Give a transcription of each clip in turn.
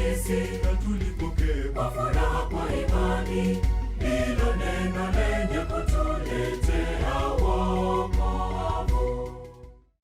sisi na tulipokee kwa furaha kwa imani hilo neno lenye kutuletea wokovu.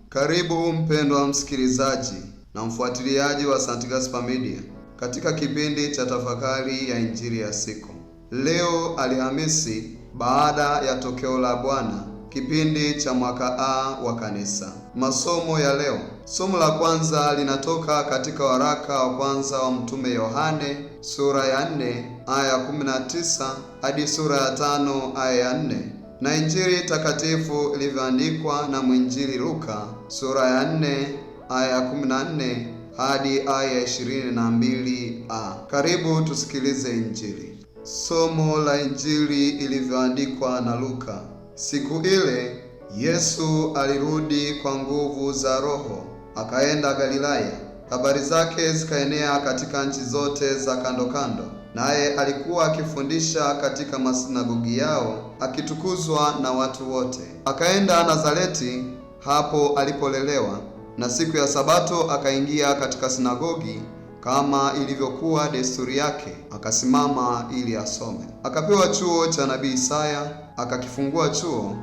Karibu mpendwa msikilizaji na mfuatiliaji wa St. Gaspar Media katika kipindi cha tafakari ya injili ya siku leo Alhamisi, baada ya tokeo la Bwana, kipindi cha mwaka A wa Kanisa. Masomo ya leo Somo la kwanza linatoka katika waraka wa kwanza wa Mtume Yohane sura ya 4 aya ya 19 hadi sura ya tano aya ya 4 na Injili takatifu ilivyoandikwa na mwinjili Luka sura ya 4 aya ya 14 hadi aya ya 22 a. Karibu tusikilize Injili. Somo la Injili ilivyoandikwa na Luka. Siku ile Yesu alirudi kwa nguvu za Roho akaenda Galilaya. Habari zake zikaenea katika nchi zote za kando kando, naye alikuwa akifundisha katika masinagogi yao, akitukuzwa na watu wote. Akaenda Nazareti, hapo alipolelewa, na siku ya Sabato akaingia katika sinagogi kama ilivyokuwa desturi yake, akasimama ili asome. Akapewa chuo cha nabii Isaya, akakifungua chuo,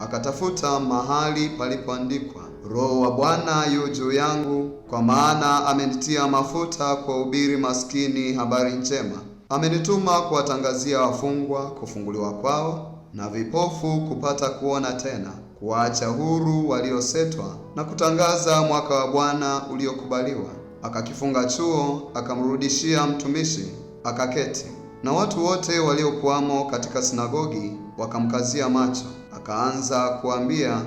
akatafuta mahali palipoandikwa Roho wa Bwana yu juu yangu, kwa maana amenitia mafuta kuwahubiri maskini habari njema. Amenituma kuwatangazia wafungwa kufunguliwa kwao, na vipofu kupata kuona tena, kuwaacha huru waliosetwa, na kutangaza mwaka wa Bwana uliokubaliwa. Akakifunga chuo, akamrudishia mtumishi, akaketi. Na watu wote waliokuwamo katika sinagogi wakamkazia macho, akaanza kuambia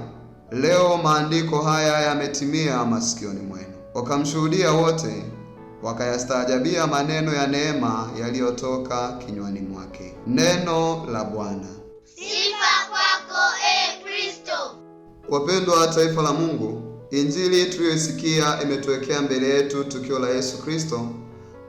Leo maandiko haya yametimia masikioni mwenu. Wakamshuhudia wote, wakayastaajabia maneno ya neema yaliyotoka kinywani mwake. Neno la Bwana. Sifa kwako e Kristo. Wapendwa wa taifa la Mungu, Injili tuliyoisikia imetuwekea mbele yetu tukio la Yesu Kristo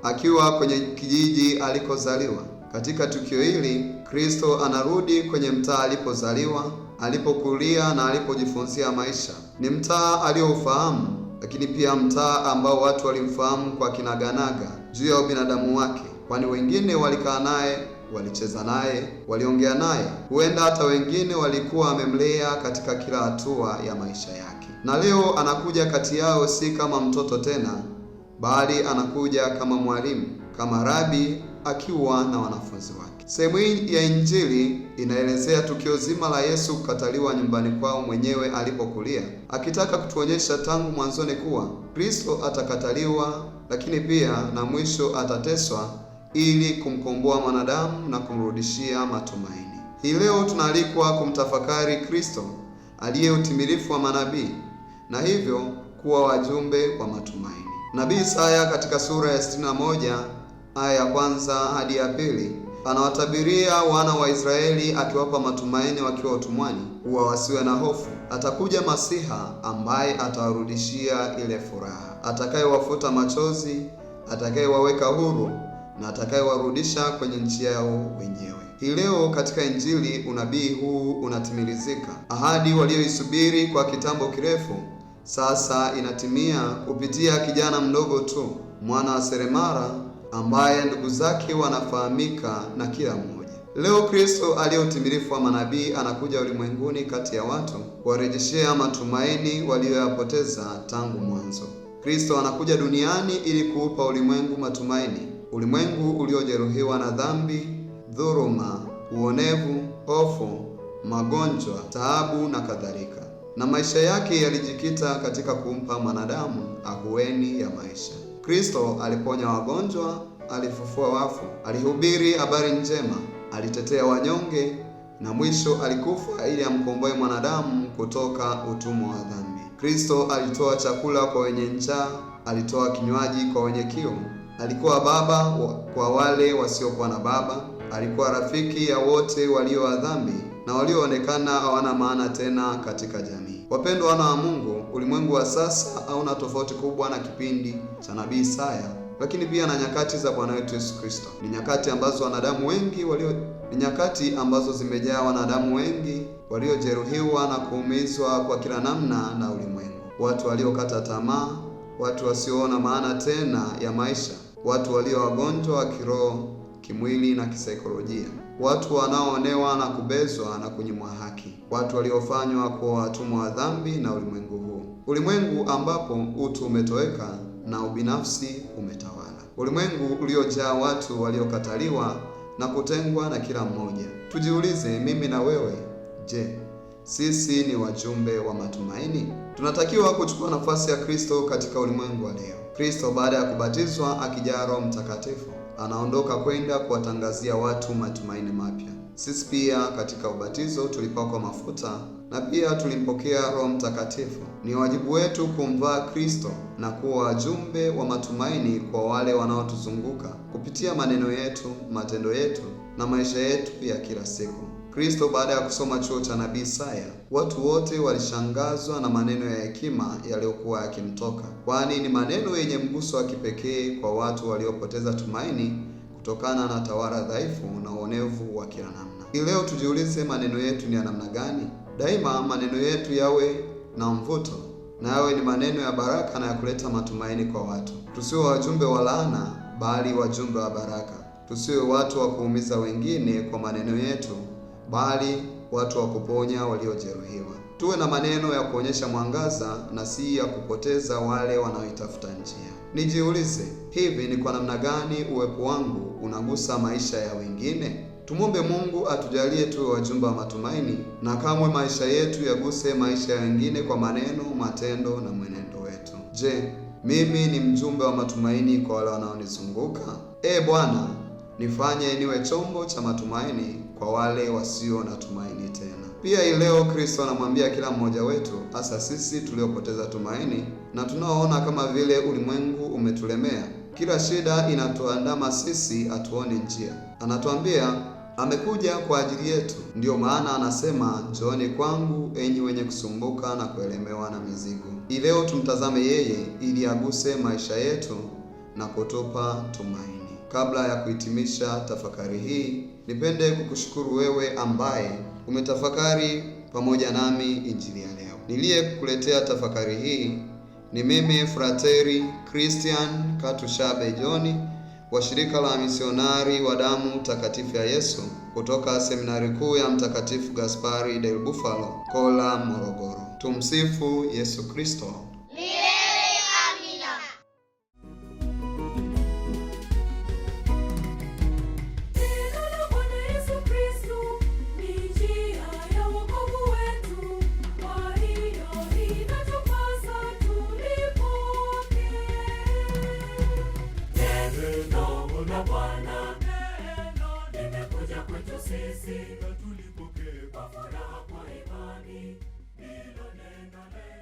akiwa kwenye kijiji alikozaliwa. Katika tukio hili, Kristo anarudi kwenye mtaa alipozaliwa alipokulia na alipojifunzia maisha. Ni mtaa aliyoufahamu, lakini pia mtaa ambao watu walimfahamu kwa kinaganaga juu ya ubinadamu wake, kwani wengine walikaa naye, walicheza naye, waliongea naye, huenda hata wengine walikuwa wamemlea katika kila hatua ya maisha yake. Na leo anakuja kati yao si kama mtoto tena, bali anakuja kama mwalimu, kama rabi akiwa na wanafunzi wake. Sehemu hii ya Injili inaelezea tukio zima la Yesu kukataliwa nyumbani kwao mwenyewe alipokulia, akitaka kutuonyesha tangu mwanzoni kuwa Kristo atakataliwa, lakini pia na mwisho atateswa ili kumkomboa mwanadamu na kumrudishia matumaini. Hii leo tunaalikwa kumtafakari Kristo aliye utimilifu wa manabii na hivyo kuwa wajumbe wa matumaini. Nabii Isaya katika sura ya 61 aya ya kwanza hadi ya pili anawatabiria wana wa Israeli akiwapa matumaini wakiwa utumwani, huwa wasiwe na hofu. Atakuja Masiha ambaye atawarudishia ile furaha, atakayewafuta machozi, atakayewaweka huru na atakayewarudisha kwenye nchi yao wenyewe. Hii leo katika Injili unabii huu unatimilizika. Ahadi walioisubiri kwa kitambo kirefu sasa inatimia kupitia kijana mdogo tu, mwana wa seremara ambaye ndugu zake wanafahamika na kila mmoja. Leo Kristo aliye utimilifu wa manabii anakuja ulimwenguni kati ya watu kuwarejeshea matumaini waliyoyapoteza tangu mwanzo. Kristo anakuja duniani ili kuupa ulimwengu matumaini, ulimwengu uliojeruhiwa na dhambi, dhuluma, uonevu, hofu, magonjwa, taabu na kadhalika, na maisha yake yalijikita katika kumpa mwanadamu ahueni ya maisha. Kristo aliponya wagonjwa alifufua wafu, alihubiri habari njema, alitetea wanyonge na mwisho alikufa ili amkomboe mwanadamu kutoka utumwa wa dhambi. Kristo alitoa chakula kwa wenye njaa, alitoa kinywaji kwa wenye kiu, alikuwa baba wa, kwa wale wasiokuwa na baba, alikuwa rafiki ya wote walio wa dhambi na walioonekana hawana maana tena katika jamii. Wapendwa wana wa Mungu, ulimwengu wa sasa hauna tofauti kubwa na kipindi cha nabii Isaya lakini pia na nyakati za Bwana wetu Yesu Kristo. Ni nyakati ambazo wanadamu wengi walio ni nyakati ambazo zimejaa wanadamu wengi waliojeruhiwa na kuumizwa kwa kila namna na ulimwengu, watu waliokata tamaa, watu wasioona maana tena ya maisha, watu walio wagonjwa wa kiroho, kimwili na kisaikolojia, watu wanaoonewa na kubezwa na kunyimwa haki, watu waliofanywa kuwa watumwa wa dhambi na ulimwengu huu, ulimwengu ambapo utu umetoweka na ubinafsi umetawala. Ulimwengu uliojaa watu waliokataliwa na kutengwa na kila mmoja. Tujiulize, mimi na wewe, je, sisi ni wajumbe wa matumaini? Tunatakiwa kuchukua nafasi ya Kristo katika ulimwengu wa leo. Kristo baada ya kubatizwa akijaa Roho Mtakatifu, anaondoka kwenda kuwatangazia watu matumaini mapya. Sisi pia katika ubatizo tulipakwa mafuta na pia tulimpokea Roho Mtakatifu. Ni wajibu wetu kumvaa Kristo na kuwa wajumbe wa matumaini kwa wale wanaotuzunguka kupitia maneno yetu, matendo yetu na maisha yetu ya kila siku. Kristo baada ya kusoma chuo cha nabii Isaya, watu wote walishangazwa na maneno ya hekima yaliyokuwa yakimtoka, kwani ni maneno yenye mguso wa kipekee kwa watu waliopoteza tumaini kutokana na tawara dhaifu na uonevu wa kila namna. Hii leo tujiulize, maneno yetu ni ya namna gani? Daima maneno yetu yawe na mvuto na yawe ni maneno ya baraka na ya kuleta matumaini kwa watu. Tusiwe wajumbe wa laana, bali wajumbe wa baraka. Tusiwe watu wa kuumiza wengine kwa maneno yetu, bali watu wa kuponya waliojeruhiwa. Tuwe na maneno ya kuonyesha mwangaza na si ya kupoteza wale wanaoitafuta njia. Nijiulize, hivi ni kwa namna gani uwepo wangu unagusa maisha ya wengine? Tumwombe Mungu atujalie tuwe wajumbe wa matumaini na kamwe maisha yetu yaguse maisha ya wengine kwa maneno, matendo na mwenendo wetu. Je, mimi ni mjumbe wa matumaini kwa wale wanaonizunguka? E Bwana, nifanye niwe chombo cha matumaini kwa wale wasio na tumaini tena. Pia leo Kristo anamwambia kila mmoja wetu, hasa sisi tuliopoteza tumaini na tunaoona kama vile ulimwengu umetulemea, kila shida inatuandama sisi, hatuoni njia. Anatuambia amekuja kwa ajili yetu. Ndiyo maana anasema njooni kwangu enyi wenye kusumbuka na kuelemewa na mizigo. Ileo tumtazame yeye ili aguse maisha yetu na kutupa tumaini. Kabla ya kuhitimisha tafakari hii, nipende kukushukuru wewe ambaye umetafakari pamoja nami injili ya leo. Niliyekuletea tafakari hii ni mimi Frateri Christian Katushabe Joni wa shirika la misionari wa damu takatifu ya Yesu kutoka seminari kuu ya Mtakatifu Gaspari del Bufalo, Kola, Morogoro. Tumsifu Yesu Kristo. Neno Bwana limekuja kwetu sisi na tulipokea kwa furaha kwa imani, hilo neno